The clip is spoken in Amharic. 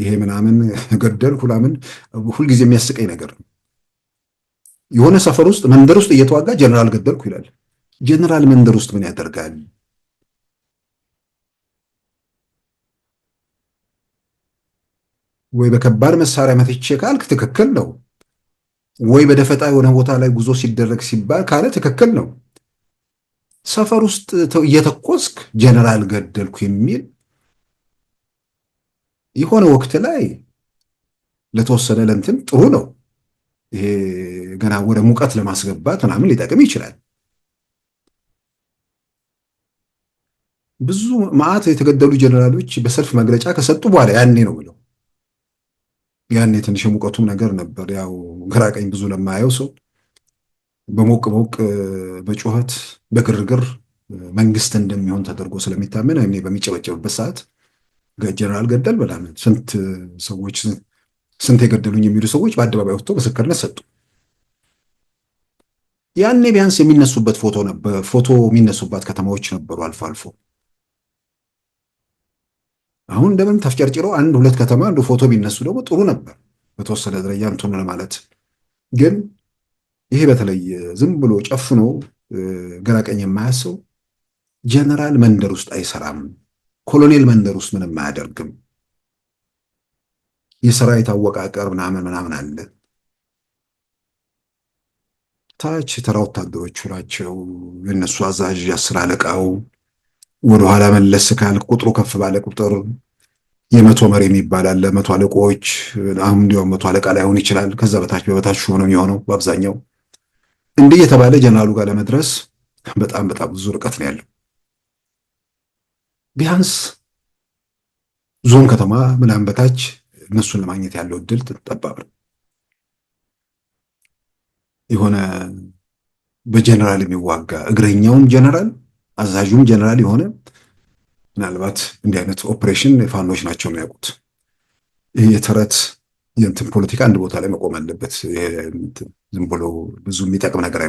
ይሄ ምናምን ገደልኩ ምናምን ሁልጊዜ የሚያስቀኝ ነገር ነው። የሆነ ሰፈር ውስጥ መንደር ውስጥ እየተዋጋ ጀነራል ገደልኩ ይላል። ጀነራል መንደር ውስጥ ምን ያደርጋል? ወይ በከባድ መሳሪያ መትቼ ካልክ ትክክል ነው። ወይ በደፈጣ የሆነ ቦታ ላይ ጉዞ ሲደረግ ሲባል ካለ ትክክል ነው። ሰፈር ውስጥ እየተኮስክ ጀነራል ገደልኩ የሚል የሆነ ወቅት ላይ ለተወሰነ ለእንትን ጥሩ ነው። ይሄ ገና ወደ ሙቀት ለማስገባት ምናምን ሊጠቅም ይችላል። ብዙ መዓት የተገደሉ ጀነራሎች በሰልፍ መግለጫ ከሰጡ በኋላ ያኔ ነው ብለው ያኔ ትንሽ የሙቀቱም ነገር ነበር። ያው ግራ ብዙ ለማየው ሰው በሞቅ ሞቅ በጩኸት በግርግር መንግስት እንደሚሆን ተደርጎ ስለሚታመን በሚጨበጨብበት ሰዓት ጀነራል ገደል በላምን ስንት ሰዎች ስንት የገደሉኝ የሚሉ ሰዎች በአደባባይ ወጥቶ ምስክርነት ሰጡ። ያኔ ቢያንስ የሚነሱበት ፎቶ ነበር። ፎቶ የሚነሱባት ከተማዎች ነበሩ አልፎ አልፎ። አሁን እንደምን ተፍጨርጭሮ አንድ ሁለት ከተማ አንዱ ፎቶ የሚነሱ ደግሞ ጥሩ ነበር በተወሰነ ደረጃ እንትኑ ለማለት ግን ይሄ በተለይ ዝም ብሎ ጨፍኖ ግራቀኝ የማያሰው ጀነራል መንደር ውስጥ አይሰራም። ኮሎኔል መንደር ውስጥ ምንም አያደርግም። የሰራዊት አወቃቀር ምናምን ምናምን አለ። ታች የተራ ወታደሮቹ ናቸው። የእነሱ አዛዥ አስር አለቃው ወደኋላ መለስ ካል ቁጥሩ ከፍ ባለ ቁጥር የመቶ መሪ የሚባል አለ። መቶ አለቆች አሁን እንዲሁም መቶ አለቃ ላይሆን ይችላል። ከዛ በታች በበታች ሆነ የሚሆነው በአብዛኛው እንዲህ የተባለ ጀነራሉ ጋር ለመድረስ በጣም በጣም ብዙ ርቀት ነው ያለው። ቢያንስ ዞን ከተማ ምናምን በታች እነሱን ለማግኘት ያለው እድል ጠባብ ነው። የሆነ በጀነራል የሚዋጋ እግረኛውም ጀነራል አዛዡም ጀነራል የሆነ ምናልባት እንዲህ አይነት ኦፕሬሽን ፋኖች ናቸው የሚያውቁት። ይህ የተረት የእንትን ፖለቲካ አንድ ቦታ ላይ መቆም አለበት። ዝም ብሎ ብዙ የሚጠቅም ነገር